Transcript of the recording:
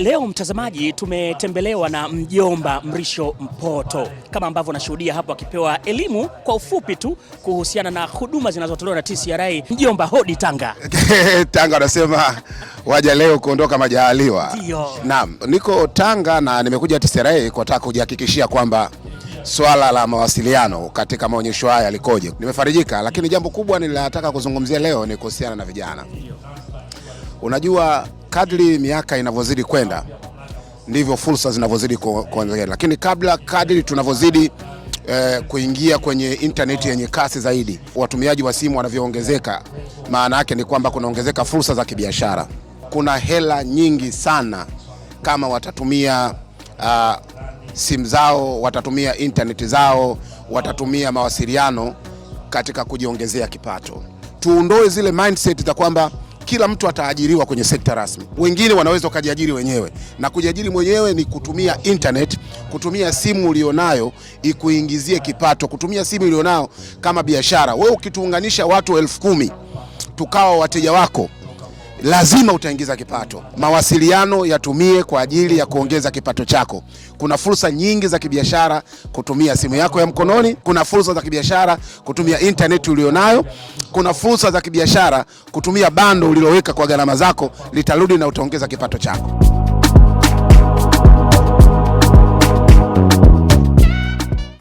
Leo mtazamaji, tumetembelewa na mjomba Mrisho Mpoto kama ambavyo nashuhudia hapo akipewa elimu kwa ufupi tu kuhusiana na huduma zinazotolewa na TCRA. Mjomba, hodi Tanga. Tanga anasema waja leo kuondoka majaliwa. Naam, niko Tanga na nimekuja TCRA kwa taka kujihakikishia kwamba swala la mawasiliano katika maonyesho haya likoje. Nimefarijika, lakini jambo kubwa nilataka kuzungumzia leo ni kuhusiana na vijana. Unajua kadri miaka inavyozidi kwenda ndivyo fursa zinavyozidi kuongezeka, lakini kabla kadri tunavyozidi eh, kuingia kwenye intaneti yenye kasi zaidi, watumiaji wa simu wanavyoongezeka, maana yake ni kwamba kunaongezeka fursa za kibiashara. Kuna hela nyingi sana kama watatumia uh, simu zao, watatumia intaneti zao, watatumia mawasiliano katika kujiongezea kipato. Tuondoe zile mindset za kwamba kila mtu ataajiriwa kwenye sekta rasmi. Wengine wanaweza ukajiajiri wenyewe, na kujiajiri mwenyewe ni kutumia internet, kutumia simu ulionayo ikuingizie kipato, kutumia simu ulionayo kama biashara. Wewe ukituunganisha watu elfu kumi tukawa wateja wako lazima utaingiza kipato. Mawasiliano yatumie kwa ajili ya kuongeza kipato chako. Kuna fursa nyingi za kibiashara kutumia simu yako ya mkononi, kuna fursa za kibiashara kutumia intaneti ulionayo, kuna fursa za kibiashara kutumia bando uliloweka kwa gharama zako, litarudi na utaongeza kipato chako.